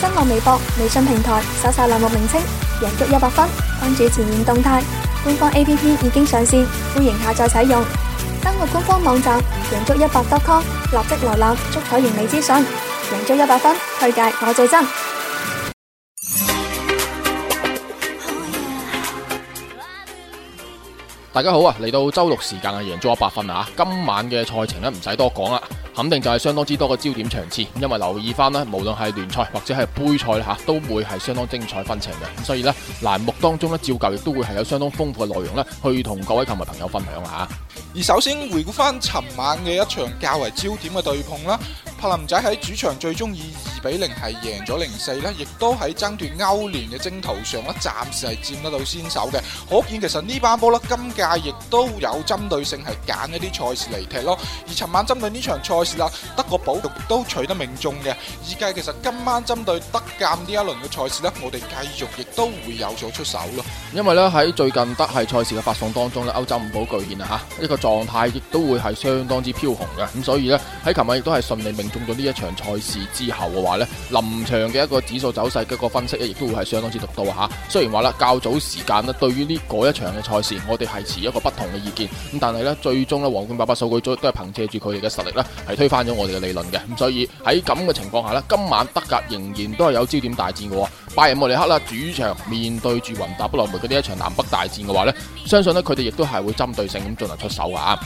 新浪微博、微信平台，搜索欄目名稱，贏足一百分，關注前沿動態。官方 A P P 已經上線，歡迎下載使用。登錄官方網站，贏足一百 .com，立即瀏覽足彩完美資訊。贏足一百分，推介我最真。大家好啊！嚟到周六時間啊，贏足一百分啊！今晚嘅賽程咧唔使多講啦，肯定就係相當之多嘅焦點場次。因為留意翻咧，無論係聯賽或者係杯賽咧，都會係相當精彩紛呈嘅。咁所以呢，欄目當中呢，照舊亦都會係有相當豐富嘅內容呢，去同各位球迷朋友分享啊！而首先回顧翻尋晚嘅一場較為焦點嘅對碰啦。柏林仔喺主場最終以二比零係贏咗零四咧，亦都喺爭奪歐聯嘅征途上咧，暫時係佔得到先手嘅。可見其實呢班波咧，今屆亦都有針對性係揀一啲賽事嚟踢咯。而尋晚針對呢場賽事啦，德國寶亦都取得命中嘅。依家其實今晚針對德甲呢一輪嘅賽事咧，我哋繼續亦都會有所出手咯。因為咧喺最近德係賽事嘅發送當中咧，歐洲五寶巨獻啊吓，呢個狀態亦都會係相當之飄紅嘅。咁所以咧喺琴晚亦都係順利命。中咗呢一場賽事之後嘅話呢，臨場嘅一個指數走勢嘅一個分析咧，亦都會係相當之獨到嚇。雖然話啦，較早時間咧，對於呢嗰一場嘅賽事，我哋係持一個不同嘅意見。咁但係呢，最終呢，皇冠爸爸數據都都係憑藉住佢哋嘅實力呢，係推翻咗我哋嘅理論嘅。咁所以喺咁嘅情況下呢，今晚德甲仍然都係有焦點大戰嘅。拜仁慕尼黑啦，主場面對住雲達不萊梅嘅呢一場南北大戰嘅話呢，相信呢，佢哋亦都係會針對性咁進行出手嘅嚇。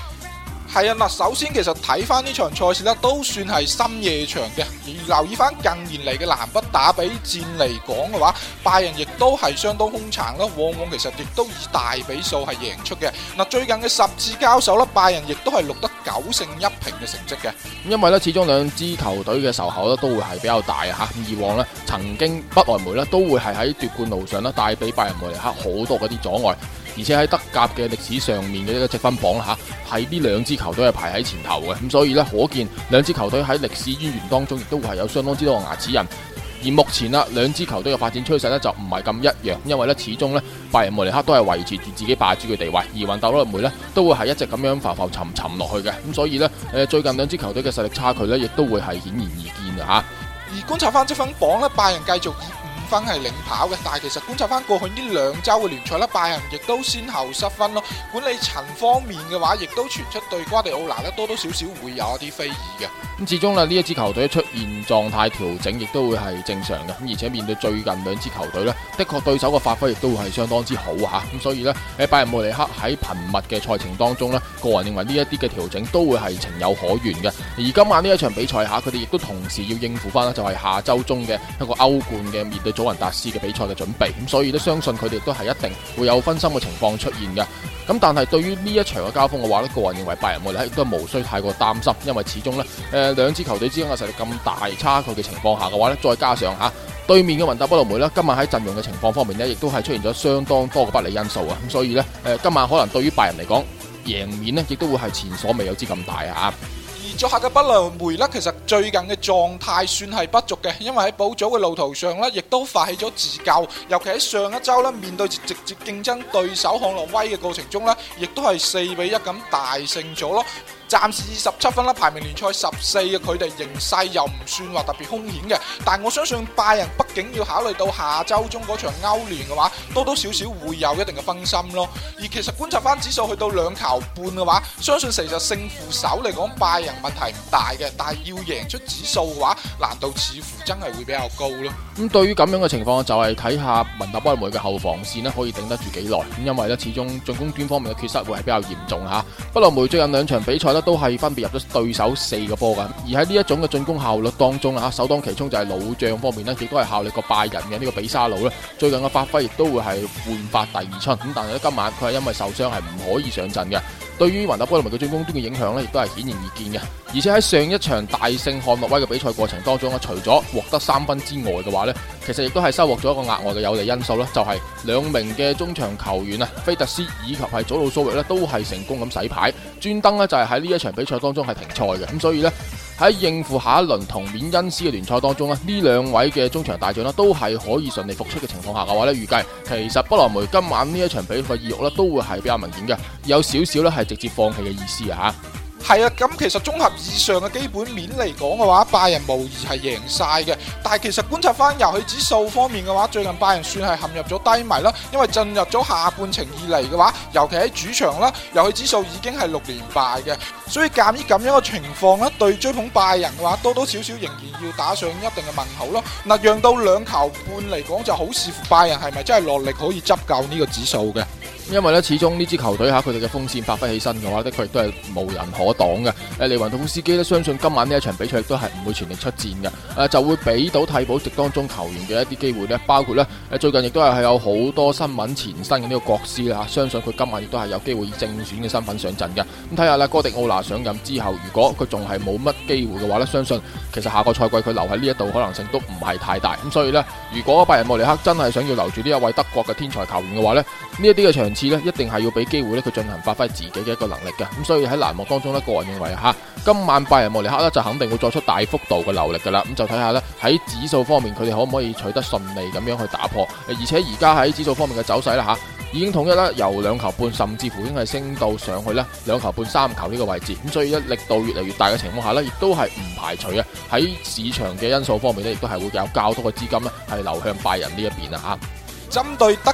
係啊，嗱，首先其實睇翻呢場賽事咧，都算係深夜場嘅。而留意翻近年嚟嘅南北打比戰嚟講嘅話，拜仁亦都係相當兇殘咯，往往其實亦都以大比數係贏出嘅。嗱，最近嘅十次交手咧，拜仁亦都係錄得九勝一平嘅成績嘅。咁因為呢，始終兩支球隊嘅仇口呢都會係比較大啊吓。以往呢，曾經不萊梅呢都會係喺奪冠路上咧帶俾拜仁慕尼黑好多嗰啲阻礙。而且喺德甲嘅歷史上面嘅一個積分榜啦吓，係呢兩支球隊係排喺前頭嘅，咁所以呢，可見兩支球隊喺歷史淵源當中亦都會係有相當之多嘅牙齒人。而目前啦，兩支球隊嘅發展趨勢呢就唔係咁一樣，因為呢，始終呢，拜仁慕尼黑都係維持住自己霸主嘅地位，而雲達不萊梅呢，都會係一直咁樣浮浮沉沉落去嘅，咁所以呢，誒最近兩支球隊嘅實力差距呢，亦都會係顯而易見嘅吓。而觀察翻積分榜呢，拜仁繼續以。分係領跑嘅，但係其實觀察翻過去呢兩周嘅聯賽咧，拜仁亦都先後失分咯。管理層方面嘅話，亦都傳出對瓜迪奧拿呢多多少少會有一啲非議嘅。咁始終呢，呢一支球隊出現狀態調整，亦都會係正常嘅。咁而且面對最近兩支球隊呢，的確對手嘅發揮亦都會係相當之好吓，咁所以呢，喺拜仁慕尼黑喺頻密嘅賽程當中呢，個人認為呢一啲嘅調整都會係情有可原嘅。而今晚呢一場比賽吓，佢哋亦都同時要應付翻啦，就係下周中嘅一個歐冠嘅面對祖雲達斯嘅比賽嘅準備，咁所以咧，相信佢哋都係一定會有分心嘅情況出現嘅。咁但係對於呢一場嘅交鋒嘅話咧，個人認為拜仁我哋亦都無需太過擔心，因為始終咧，誒兩支球隊之間嘅實力咁大差距嘅情況下嘅話咧，再加上嚇、啊、對面嘅雲達不萊梅咧，今晚喺陣容嘅情況方面咧，亦都係出現咗相當多嘅不利因素啊。咁所以呢，誒今晚可能對於拜仁嚟講，贏面呢亦都會係前所未有之咁大啊！作客嘅不萊梅咧，其實最近嘅狀態算係不俗嘅，因為喺保組嘅路途上咧，亦都發起咗自救，尤其喺上一周咧，面對直接競爭對手漢諾威嘅過程中咧，亦都係四比一咁大勝咗咯。暫時十七分啦，排名聯賽十四嘅佢哋形勢又唔算話特別兇險嘅，但我相信拜仁畢竟要考慮到下週中嗰場歐聯嘅話，多多少少會有一定嘅分心咯。而其實觀察翻指數去到兩球半嘅話，相信其實勝負手嚟講拜仁問題唔大嘅，但係要贏出指數嘅話，難度似乎真係會比較高咯。咁、嗯、對於咁樣嘅情況，就係、是、睇下雲達不萊梅嘅後防線呢可以頂得住幾耐？咁因為呢始終進攻端方面嘅缺失會係比較嚴重吓。不萊梅最近兩場比賽都係分別入咗對手四個波嘅。而喺呢一種嘅進攻效率當中啊，首當其衝就係老將方面呢亦都係效力過拜仁嘅呢個比沙路，最近嘅發揮亦都會係煥發第二春。咁但係今晚佢係因為受傷係唔可以上陣嘅。對於雲達不萊梅嘅進攻端嘅影響呢，亦都係顯而易見嘅。而且喺上一場大勝漢諾威嘅比賽過程當中啊，除咗獲得三分之外嘅話呢，其實亦都係收穫咗一個額外嘅有利因素啦，就係兩名嘅中場球員啊，菲特斯以及係祖魯蘇域呢，都係成功咁洗牌，專登呢就係喺呢一場比賽當中係停賽嘅。咁所以呢。喺應付下一輪同緬恩斯嘅聯賽當中咧，呢兩位嘅中場大將咧都係可以順利復出嘅情況下嘅話咧，預計其實不萊梅今晚呢一場比賽意欲咧都會係比較明顯嘅，有少少咧係直接放棄嘅意思啊。係啊，咁其實綜合以上嘅基本面嚟講嘅話，拜仁無疑係贏晒嘅。但係其實觀察翻遊戲指數方面嘅話，最近拜仁算係陷入咗低迷咯。因為進入咗下半程以嚟嘅話，尤其喺主場啦，遊戲指數已經係六連敗嘅。所以鑒於咁樣嘅情況啦，對追捧拜仁嘅話，多多少少仍然要打上一定嘅問號咯。嗱，讓到兩球半嚟講，就好視乎拜仁係咪真係落力可以執夠呢個指數嘅。因為呢，始終呢支球隊吓，佢哋嘅鋒線發揮起身嘅話佢哋都係無人可擋嘅。誒，利雲圖斯基相信今晚呢一場比賽亦都係唔會全力出戰嘅，誒，就會俾到替補席當中球員嘅一啲機會呢，包括呢，最近亦都係有好多新聞前身嘅呢個國師啦，相信佢今晚亦都係有機會以正選嘅身份上陣嘅。咁睇下啦，哥迪奧拿上任之後，如果佢仲係冇乜機會嘅話呢，相信其實下個賽季佢留喺呢一度可能性都唔係太大。咁所以呢，如果拜仁慕尼黑真係想要留住呢一位德國嘅天才球員嘅話呢，呢一啲嘅場。次呢，一定係要俾機會咧，佢進行發揮自己嘅一個能力嘅。咁所以喺藍幕當中呢，個人認為吓，今晚拜仁慕尼黑呢，就肯定會作出大幅度嘅流力噶啦。咁就睇下呢，喺指數方面，佢哋可唔可以取得順利咁樣去打破。而且而家喺指數方面嘅走勢啦吓，已經統一啦，由兩球半甚至乎已經係升到上去呢，兩球半三球呢個位置。咁所以呢力度越嚟越大嘅情況下呢，亦都係唔排除啊喺市場嘅因素方面呢，亦都係會有較多嘅資金呢，係流向拜仁呢一邊啊吓。針對德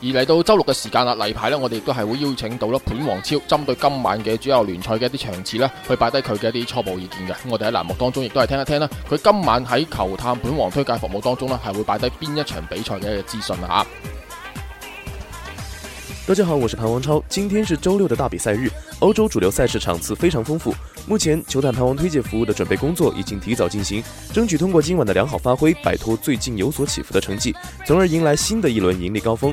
而嚟到周六嘅時間啦，例牌呢，我哋亦都係會邀請到啦盤王超，針對今晚嘅主要聯賽嘅一啲場次呢，去擺低佢嘅一啲初步意見嘅。我哋喺欄目當中亦都係聽一聽啦，佢今晚喺球探盤王推介服務當中呢，係會擺低邊一場比賽嘅一啲資訊啊！大家好，我是盤王超，今天是周六嘅大比賽日，歐洲主流賽事場次非常豐富。目前球探盤王推介服務嘅準備工作已經提早進行，爭取通過今晚嘅良好發揮，擺脫最近有所起伏嘅成績，從而迎來新的一輪盈利高峰。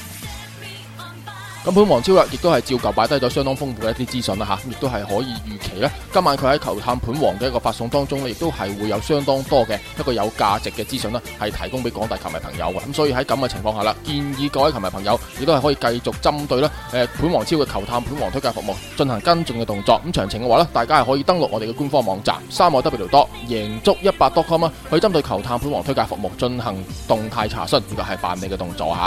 咁本王超啦，亦都係照舊擺低咗相當豐富嘅一啲資訊啦，亦都係可以預期呢，今晚佢喺球探本王嘅一個發送當中呢，亦都係會有相當多嘅一個有價值嘅資訊呢，係提供俾廣大球迷朋友嘅。咁所以喺咁嘅情況下啦，建議各位球迷朋友亦都係可以繼續針對呢誒，本王超嘅球探本王推介服務進行跟進嘅動作。咁詳情嘅話呢，大家係可以登錄我哋嘅官方網站三個 W 多贏足一百 .com 啊，去針對球探本王推介服務進行動態查詢呢個係辦理嘅動作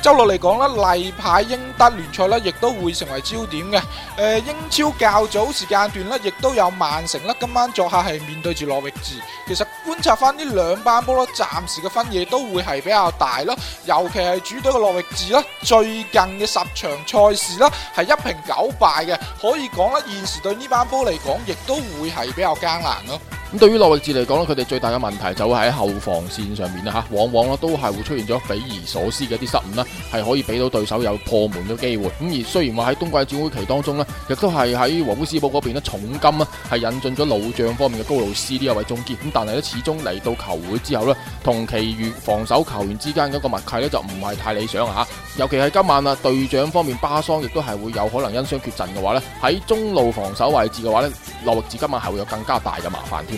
周六嚟講咧，例牌英德聯賽咧，亦都會成為焦點嘅。誒、呃，英超較早時間段咧，亦都有曼城啦，今晚作客係面對住諾域治。其實觀察翻呢兩班波咧，暫時嘅分野都會係比較大咯。尤其係主隊嘅諾域治啦，最近嘅十場賽事啦，係一平九敗嘅，可以講咧，現時對呢班波嚟講，亦都會係比較艱難咯。咁對於諾域治嚟講咧，佢哋最大嘅問題就會喺後防線上面吓，往往咧都係會出現咗匪夷所思嘅啲失誤啦，係可以俾到對手有破門嘅機會。咁而雖然話喺冬季轉會期當中咧，亦都係喺禾夫斯堡嗰邊咧重金啊係引進咗老將方面嘅高老斯呢位中堅，咁但係咧始終嚟到球會之後咧，同其餘防守球員之間嗰個默契咧就唔係太理想吓。尤其係今晚啊，隊長方面巴桑亦都係會有可能因傷缺陣嘅話咧，喺中路防守位置嘅話咧，諾域治今晚係會有更加大嘅麻煩添。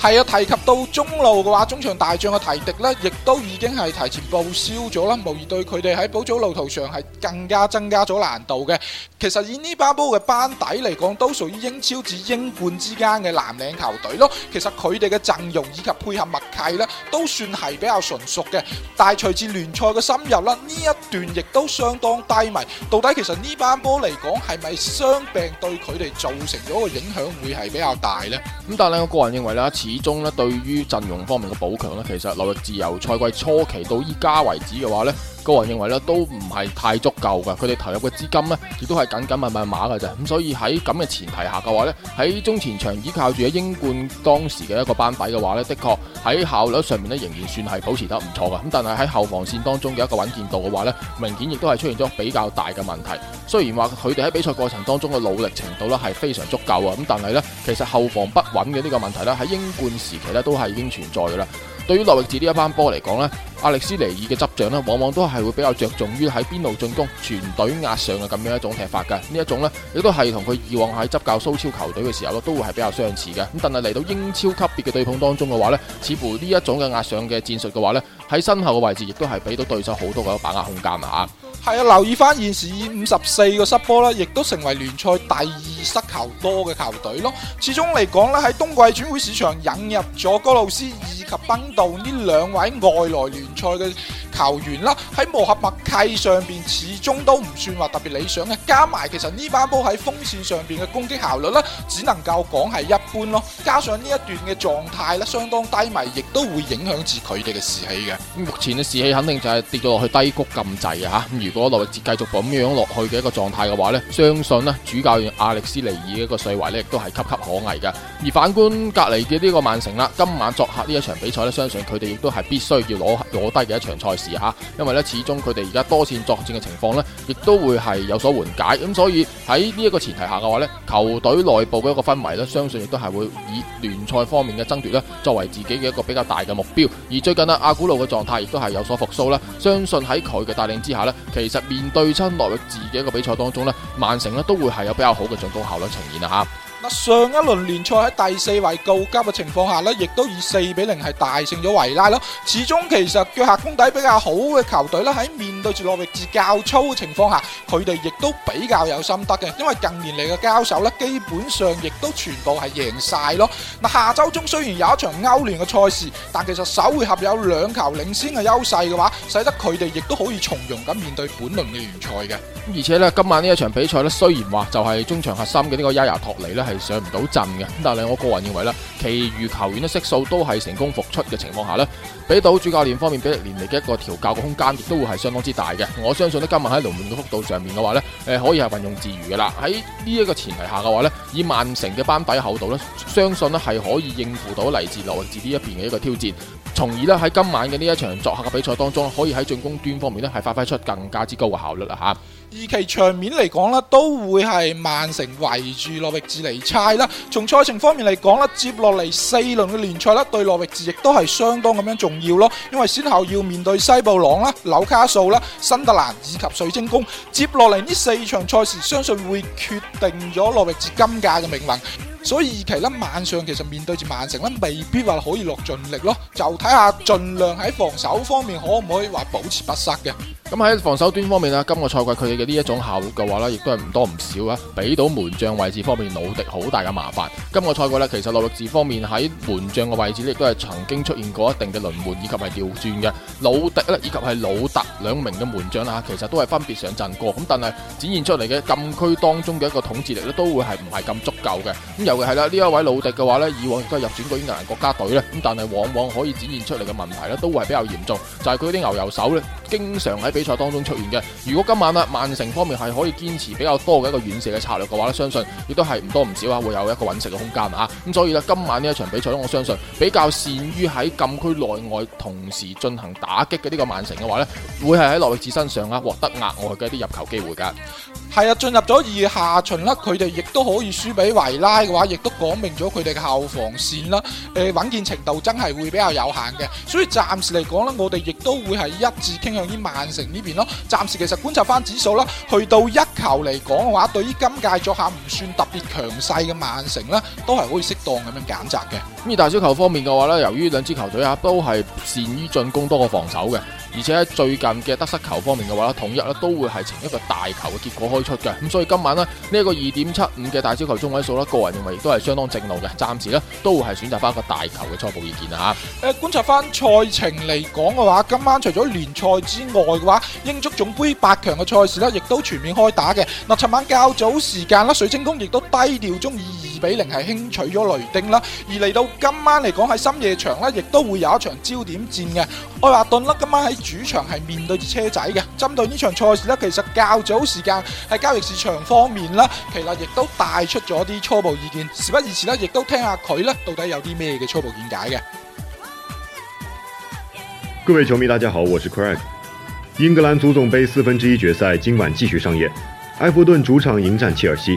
係啊，提及到中路嘅話，中場大將嘅提迪呢亦都已經係提前報銷咗啦，無疑對佢哋喺補組路途上係更加增加咗難度嘅。其實以呢班波嘅班底嚟講，都屬於英超至英冠之間嘅藍領球隊咯。其實佢哋嘅陣容以及配合默契呢都算係比較純熟嘅。但係隨住聯賽嘅深入啦，呢一段亦都相當低迷。到底其實呢班波嚟講係咪傷病對佢哋造成咗個影響會係比較大呢？咁但係我個人認為啦，始終咧，對於陣容方面嘅補強咧，其實落嚟自由賽季初期到依家為止嘅話咧。個人認為咧，都唔係太足夠噶。佢哋投入嘅資金咧，亦都係緊緊密密馬噶啫。咁所以喺咁嘅前提下嘅話咧，喺中前場依靠住喺英冠當時嘅一個班底嘅話咧，的確喺效率上面咧，仍然算係保持得唔錯噶。咁但係喺後防線當中嘅一個穩健度嘅話咧，明顯亦都係出現咗比較大嘅問題。雖然話佢哋喺比賽過程當中嘅努力程度咧係非常足夠啊，咁但係咧，其實後防不穩嘅呢個問題咧喺英冠時期咧都係已經存在噶啦。對於諾域治呢一班波嚟講呢，阿歷斯尼爾嘅執掌咧，往往都係會比較着重於喺邊路進攻、全隊壓上嘅咁樣一種踢法嘅，呢一種呢亦都係同佢以往喺執教蘇超球隊嘅時候咯，都會係比較相似嘅。咁但係嚟到英超級別嘅對碰當中嘅話呢，似乎呢一種嘅壓上嘅戰術嘅話呢，喺身後嘅位置亦都係俾到對手好多嘅把握空間啊！係啊，留意翻現時五十四個失波啦，亦都成為聯賽第二失球多嘅球隊咯。始終嚟講咧，喺冬季轉會市場引入咗高路斯以及賓道呢兩位外來聯賽嘅。球員啦，喺磨合默契上邊始終都唔算話特別理想嘅，加埋其實呢班波喺鋒線上邊嘅攻擊效率咧，只能夠講係一般咯。加上呢一段嘅狀態咧，相當低迷，亦都會影響住佢哋嘅士氣嘅。目前嘅士氣肯定就係跌咗落去低谷咁滯嘅吓。咁如果落去接繼續咁樣落去嘅一個狀態嘅話咧，相信咧，主教練阿歷斯尼爾嘅一個帥位咧，亦都係岌岌可危嘅。而反觀隔籬嘅呢個曼城啦，今晚作客呢一場比賽咧，相信佢哋亦都係必須要攞攞低嘅一場賽事。吓，因為咧始終佢哋而家多線作戰嘅情況呢，亦都會係有所緩解。咁所以喺呢一個前提下嘅話呢，球隊內部嘅一個氛圍呢，相信亦都係會以聯賽方面嘅爭奪呢，作為自己嘅一個比較大嘅目標。而最近呢，阿古路嘅狀態亦都係有所復甦啦。相信喺佢嘅帶領之下呢，其實面對親落入自己一個比賽當中呢，曼城呢都會係有比較好嘅進攻效率呈現啦吓。上一輪聯賽喺第四位告急嘅情況下咧，亦都以四比零係大勝咗維拉咯。始終其實腳下功底比較好嘅球隊咧，喺面對住諾域治較粗嘅情況下，佢哋亦都比較有心得嘅。因為近年嚟嘅交手咧，基本上亦都全部係贏晒咯。嗱，下周中雖然有一場歐聯嘅賽事，但其實首回合有兩球領先嘅優勢嘅話，使得佢哋亦都可以從容咁面對本輪嘅聯賽嘅。而且咧，今晚呢一場比賽咧，雖然話就係中場核心嘅呢個亞亞托尼咧係，上唔到陣嘅，但係我個人認為呢，其餘球員嘅悉數都係成功復出嘅情況下呢，俾到主教練方面俾到連嚟嘅一個調教嘅空間，亦都會係相當之大嘅。我相信呢今晚喺輪換嘅幅度上面嘅話呢，誒可以係運用自如嘅啦。喺呢一個前提下嘅話呢，以曼城嘅班底厚度呢，相信呢係可以應付到嚟自羅志呢一邊嘅一個挑戰，從而呢，喺今晚嘅呢一場作客嘅比賽當中，可以喺進攻端方面呢係發揮出更加之高嘅效率啦吓。而其場面嚟講啦，都會係曼城圍住諾域治嚟猜啦。從賽程方面嚟講啦，接落嚟四輪嘅聯賽啦，對諾域治亦都係相當咁樣重要咯。因為先後要面對西布朗啦、紐卡素啦、新德蘭以及水晶宮。接落嚟呢四場賽事，相信會決定咗諾域治今屆嘅命運。所以二期咧晚上其實面對住曼城咧，未必話可以落盡力咯，就睇下盡量喺防守方面可唔可以話保持不失嘅。咁喺防守端方面啊，今個賽季佢哋嘅呢一種效率嘅話咧，亦都係唔多唔少啊，俾到門將位置方面老迪好大嘅麻煩。今個賽季咧，其實落力字方面喺門將嘅位置咧，亦都係曾經出現過一定嘅輪換以及係調轉嘅老迪咧，以及係老，老特兩名嘅門將啊，其實都係分別上陣過，咁但係展現出嚟嘅禁區當中嘅一個統治力咧，都會係唔係咁足夠嘅咁係啦，呢一位老迪嘅話咧，以往亦都係入選過英格蘭國家隊咧，咁但係往往可以展現出嚟嘅問題咧，都係比較嚴重，就係佢啲牛油手咧，經常喺比賽當中出現嘅。如果今晚啊，曼城方面係可以堅持比較多嘅一個遠射嘅策略嘅話咧，相信亦都係唔多唔少啊，會有一個揾食嘅空間啊。咁所以呢，今晚呢一場比賽咧，我相信比較善於喺禁區內外同時進行打擊嘅呢個曼城嘅話咧，會係喺諾域治身上啊，獲得額外嘅一啲入球機會噶。係啊，進入咗二月下旬啦，佢哋亦都可以輸俾維拉嘅話，亦都講明咗佢哋嘅後防線啦。誒、呃、穩健程度真係會比較有限嘅，所以暫時嚟講咧，我哋亦都會係一致傾向於曼城呢邊咯。暫時其實觀察翻指數啦，去到一球嚟講嘅話，對於今屆作客唔算特別強勢嘅曼城咧，都係可以當咁樣揀擇嘅，咁而大小球方面嘅話呢，由於兩支球隊啊都係善於進攻多過防守嘅，而且最近嘅得失球方面嘅話呢，統一，呢都會係呈一個大球嘅結果開出嘅，咁所以今晚呢，呢、這、一個二點七五嘅大小球中位數呢，個人認為亦都係相當正路嘅，暫時呢，都係選擇翻一個大球嘅初步意見啊，吓。誒，觀察翻賽程嚟講嘅話，今晚除咗聯賽之外嘅話，英足總杯八強嘅賽事呢，亦都全面開打嘅。嗱、呃，尋晚較早時間啦，水晶宮亦都低調中以二比零係輕取咗，雷丁啦，而嚟到今晚嚟講喺深夜場呢，亦都會有一場焦點戰嘅。愛華頓啦，今晚喺主場係面對住車仔嘅。針對呢場賽事呢，其實較早時間喺交易市場方面啦，其實亦都帶出咗啲初步意見。時不宜遲咧，亦都聽下佢咧到底有啲咩嘅初步見解嘅。各位球迷，大家好，我是 Craig。英格蘭足總杯四分之一決賽今晚繼續上演，埃弗頓主場迎戰切爾西。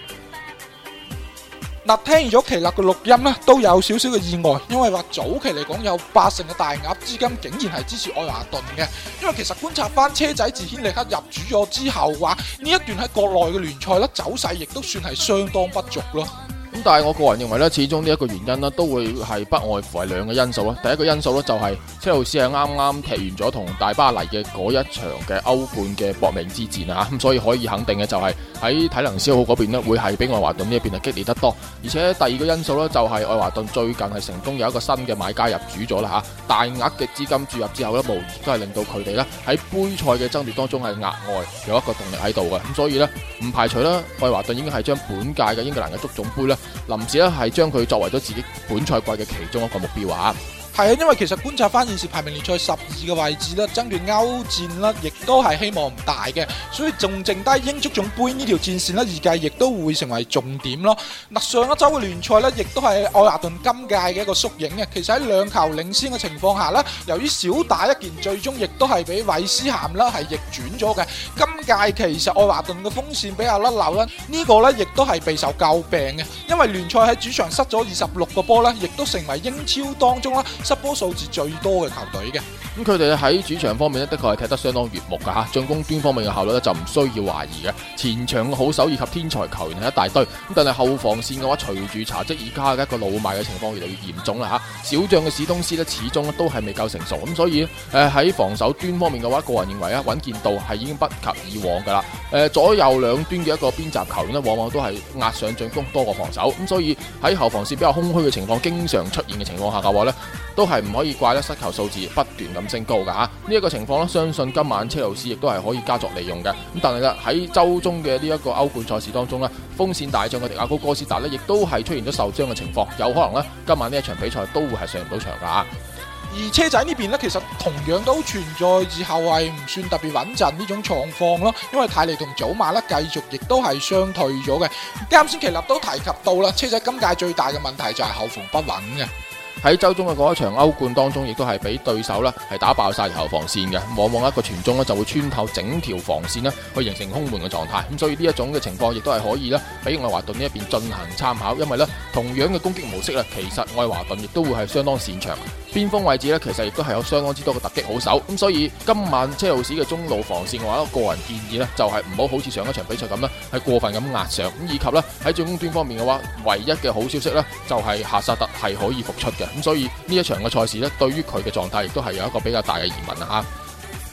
聽咗奇樂嘅錄音咧，都有少少嘅意外，因為話早期嚟講有八成嘅大額資金竟然係支持愛華頓嘅，因為其實觀察翻車仔自軒力克入主咗之後話呢一段喺國內嘅聯賽咧走勢亦都算係相當不俗咯。咁但係我個人認為咧，始終呢一個原因呢都會係不外乎係兩個因素。第一個因素咧就係車路士係啱啱踢完咗同大巴黎嘅嗰一場嘅歐冠嘅搏命之戰啊，咁所以可以肯定嘅就係喺體能消耗嗰邊呢會係比愛華頓呢一邊係激烈得多。而且第二個因素咧就係愛華頓最近係成功有一個新嘅買家入主咗啦吓，大額嘅資金注入之後咧，無疑都係令到佢哋咧喺杯賽嘅爭奪當中係額外有一個動力喺度嘅。咁所以咧唔排除啦愛華頓已經係將本屆嘅英格蘭嘅足總杯咧。林志咧，係將佢作為咗自己本賽季嘅其中一個目標啊。係啊，因為其實觀察翻現時排名聯賽十二嘅位置咧，爭奪歐戰咧，亦都係希望唔大嘅，所以仲剩低英足總杯呢條戰線呢而屆亦都會成為重點咯。嗱，上一周嘅聯賽呢，亦都係愛華頓今屆嘅一個縮影嘅。其實喺兩球領先嘅情況下呢，由於少打一件最終最終亦都係俾韋斯咸啦，係逆轉咗嘅。今屆其實愛華頓嘅鋒線比較甩漏啦，呢、呢個呢亦都係備受詬病嘅，因為聯賽喺主場失咗二十六個波呢亦都成為英超當中啦。得波數字最多嘅球隊嘅，咁佢哋喺主場方面呢，的確係踢得相當悅目噶吓，進攻端方面嘅效率呢，就唔需要懷疑嘅，前場嘅好手以及天才球員係一大堆，咁但係後防線嘅話，隨住查積卡嘅一個老邁嘅情況越嚟越嚴重啦吓，小將嘅史東斯呢，始終都係未夠成熟，咁所以誒喺防守端方面嘅話，個人認為啊穩健度係已經不及以往噶啦，誒左右兩端嘅一個邊閘球員呢，往往都係壓上進攻多過防守，咁所以喺後防線比較空虛嘅情況，經常出現嘅情況下嘅話呢。都係唔可以怪得失球數字不斷咁升高噶吓、啊、呢、這、一個情況咧，相信今晚車路士亦都係可以加作利用嘅。咁但係咧，喺周中嘅呢一個歐冠賽事當中咧，鋒線大將嘅迪亞高哥斯達呢亦都係出現咗受傷嘅情況，有可能呢今晚呢一場比賽都會係上唔到場噶吓、啊。而車仔呢邊呢，其實同樣都存在後衛唔算特別穩陣呢種狀況咯，因為泰利同祖馬呢，繼續亦都係傷退咗嘅。啱先其實都提及到啦，車仔今屆最大嘅問題就係後防不穩嘅。喺周中嘅嗰一場歐冠當中，亦都係俾對手咧係打爆晒後防線嘅，往往一，一個傳中咧就會穿透整條防線咧，去形成空門嘅狀態。咁所以呢一種嘅情況亦都係可以咧，俾愛華頓呢一邊進行參考，因為咧同樣嘅攻擊模式咧，其實愛華頓亦都會係相當擅長。邊鋒位置咧，其實亦都係有相當之多嘅突擊好手，咁所以今晚車路士嘅中路防線嘅話，個人建議呢，就係唔好好似上一場比賽咁呢，係過分咁壓上，咁以及呢喺進攻端方面嘅話，唯一嘅好消息呢，就係夏薩特係可以復出嘅，咁所以呢一場嘅賽事呢，對於佢嘅狀態亦都係有一個比較大嘅疑問吓。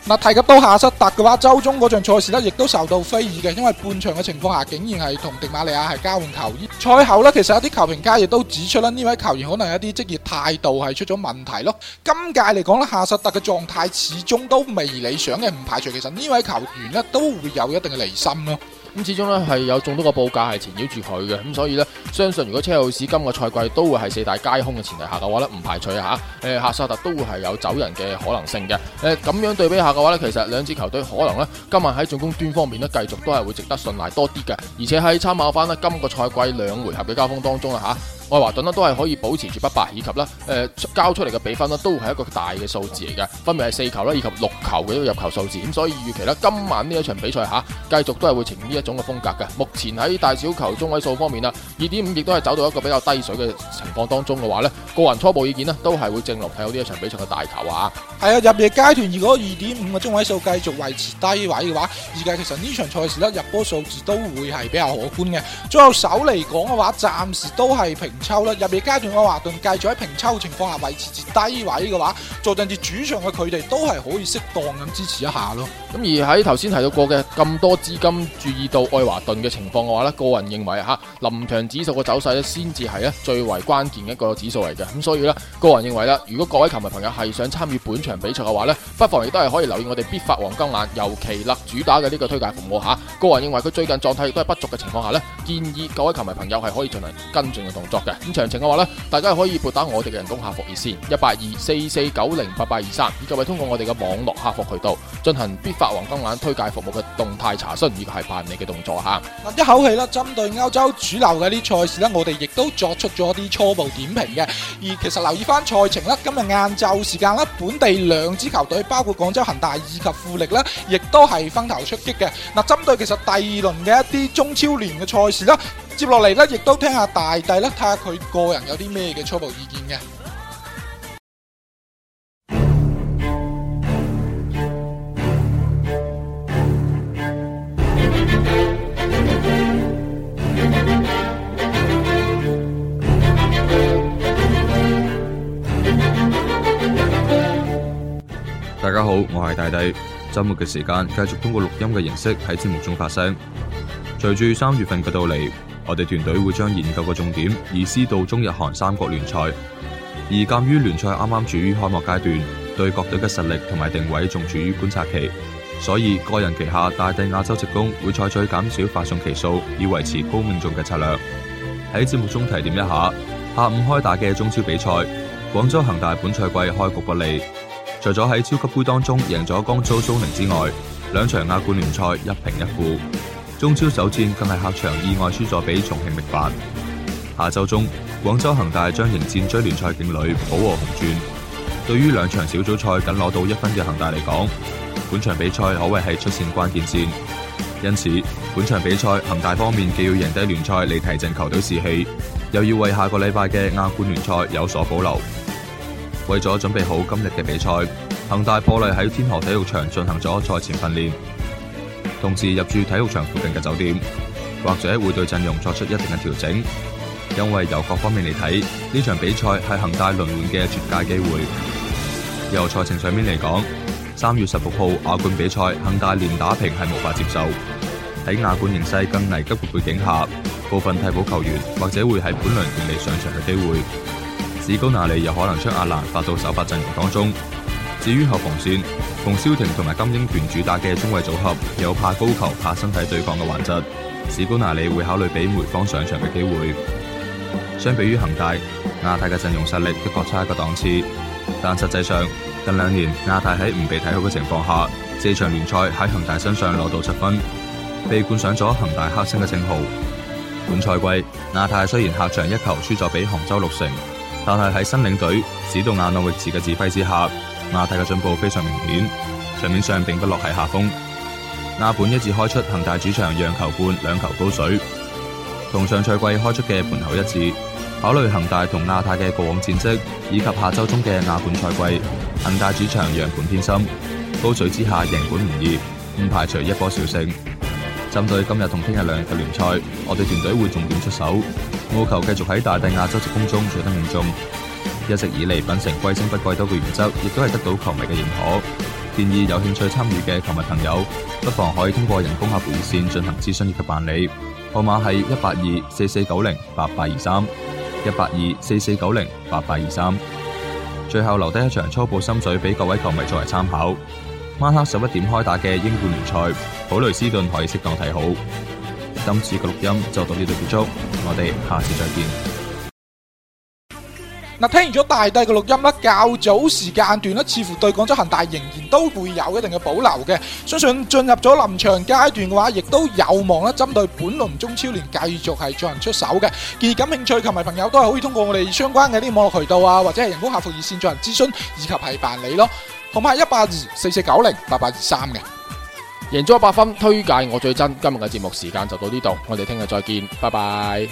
嗱，提及到夏薩特嘅話，周中嗰場賽事咧，亦都受到非議嘅，因為半場嘅情況下，竟然係同迪馬利亞係交換球衣。賽後呢，其實有啲球評家亦都指出啦，呢位球員可能有啲職業態度係出咗問題咯。今屆嚟講呢，夏薩特嘅狀態始終都未理想嘅，唔排除其實呢位球員呢都會有一定嘅離心咯。咁始終咧係有眾多個報價係纏繞住佢嘅，咁所以呢，相信如果車路士今個賽季都會係四大皆空嘅前提下嘅話呢，唔排除下，吓、啊，誒哈薩特都會係有走人嘅可能性嘅。咁、啊、樣對比下嘅話呢，其實兩支球隊可能呢今晚喺進攻端方面呢繼續都係會值得信賴多啲嘅，而且係參考翻呢今個賽季兩回合嘅交鋒當中啦、啊愛華頓咧都係可以保持住不敗，以及咧誒、呃、交出嚟嘅比分咧都係一個大嘅數字嚟嘅，分別係四球啦以及六球嘅入球數字。咁所以預期咧今晚呢一場比賽嚇，繼續都係會呈現呢一種嘅風格嘅。目前喺大小球中位數方面啊，二點五亦都係走到一個比較低水嘅情況當中嘅話咧，個人初步意見咧都係會正路睇好呢一場比賽嘅大球啊。係啊，入夜階段如果二點五嘅中位數繼續維持低位嘅話，而家其實呢場賽事咧入波數字都會係比較可觀嘅。最後手嚟講嘅話，暫時都係平。抽啦，入面階段嘅愛華頓，繼續喺平抽情況下維持至低位嘅話，坐陣至主場嘅佢哋都係可以適當咁支持一下咯。咁而喺頭先提到過嘅咁多資金注意到愛華頓嘅情況嘅話咧，個人認為吓，臨場指數嘅走勢咧，先至係呢最為關鍵嘅一個指數嚟嘅。咁所以呢，個人認為啦，如果各位球迷朋友係想參與本場比賽嘅話呢，不妨亦都係可以留意我哋必發黃金眼尤其立主打嘅呢個推介服務吓。個人認為佢最近狀態亦都係不俗嘅情況下呢，建議各位球迷朋友係可以進行跟進嘅動作。咁詳情嘅話咧，大家可以撥打我哋嘅人工客服熱線一八二四四九零八八二三，23，以及係通過我哋嘅網絡客服渠道進行必發黃金眼推介服務嘅動態查詢，以及係辦理嘅動作吓。嗱，一口氣啦，針對歐洲主流嘅啲賽事咧，我哋亦都作出咗啲初步點評嘅。而其實留意翻賽程咧，今日晏晝時間咧，本地兩支球隊包括廣州恆大以及富力咧，亦都係分頭出擊嘅。嗱，針對其實第二輪嘅一啲中超聯嘅賽事咧。接落嚟咧，亦都聽下大帝啦，睇下佢個人有啲咩嘅初步意見嘅。大家好，我係大帝。周末嘅時間，繼續通過錄音嘅形式喺節目中發聲。隨住三月份嘅到嚟。我哋團隊會將研究嘅重點移師到中日韓三國聯賽，而鑒於聯賽啱啱處於開幕階段，對各隊嘅實力同埋定位仲處於觀察期，所以個人旗下大地亞洲直攻會採取減少發送期數以維持高命中嘅策略。喺節目中提點一下，下午開打嘅中超比賽，廣州恒大本賽季開局不利，除咗喺超級杯當中贏咗江蘇蘇寧之外，兩場亞冠聯賽一平一負。中超首戰更係客場意外輸咗俾重慶力帆，下周中，廣州恒大將迎戰追聯賽勁旅浦和紅鑽。對於兩場小組賽僅攞到一分嘅恒大嚟講，本場比賽可謂係出線關鍵戰。因此，本場比賽恒大方面既要贏低聯賽嚟提振球隊士氣，又要為下個禮拜嘅亞冠聯賽有所保留。為咗準備好今日嘅比賽，恒大破例喺天河體育場進行咗賽前訓練。同時入住體育場附近嘅酒店，或者會對陣容作出一定嘅調整，因為由各方面嚟睇，呢場比賽係恒大輪換嘅絕佳機會。由賽程上面嚟講，三月十六號亞冠比賽，恒大連打平係無法接受。喺亞冠形勢更危急嘅背景下，部分替補球員或者會喺本輪鍛煉上場嘅機會。史高拿利有可能將阿蘭發到首發陣容當中。至於後防線，馮瀟霆同埋金英權主打嘅中衛組合，有怕高球、怕身體對抗嘅患疾。史古拿里會考慮俾梅方上場嘅機會。相比於恒大，亞泰嘅陣容實力的確差一個檔次，但實際上近兩年亞泰喺唔被睇好嘅情況下，四場聯賽喺恒大身上攞到十分，被冠上咗恒大克星嘅稱號。本賽季亞泰雖然客場一球輸咗俾杭州綠城，但係喺新領隊史杜亞諾域治嘅指揮之下。亞泰嘅進步非常明顯，場面上並不落喺下風。亞盤一直開出恒大主場讓球半兩球高水，同上賽季開出嘅盤口一致。考慮恒大同亞泰嘅過往戰績，以及下周中嘅亞冠賽季，恒大主場讓盤偏深，高水之下贏盤唔易，唔排除一波小勝。針對今日同聽日兩日嘅聯賽，我哋團隊會重點出手，務求繼續喺大帝亞洲直攻中取得命中。一直以嚟秉承貴精不貴多嘅原則，亦都係得到球迷嘅認可。建議有興趣參與嘅球迷朋友，不妨可以通過人工客服熱線進行諮詢以及辦理，號碼係一八二四四九零八八二三一八二四四九零八八二三。最後留低一場初步心水俾各位球迷作為參考。晚黑十一點開打嘅英冠聯賽，普雷斯頓可以適當睇好。今次嘅錄音就到呢度結束，我哋下次再見。嗱，聽完咗大帝嘅錄音咧，較早時間段咧，似乎對廣州恒大仍然都會有一定嘅保留嘅。相信進入咗臨場階段嘅話，亦都有望咧針對本輪中超聯繼續係進行出手嘅。而感興趣球迷朋友都係可以通過我哋相關嘅啲網絡渠道啊，或者係人工客服熱線進行諮詢以及係辦理咯，同埋一八二四四九零八八二三嘅。贏咗一百分，推介我最真。今日嘅節目時間就到呢度，我哋聽日再見，拜拜。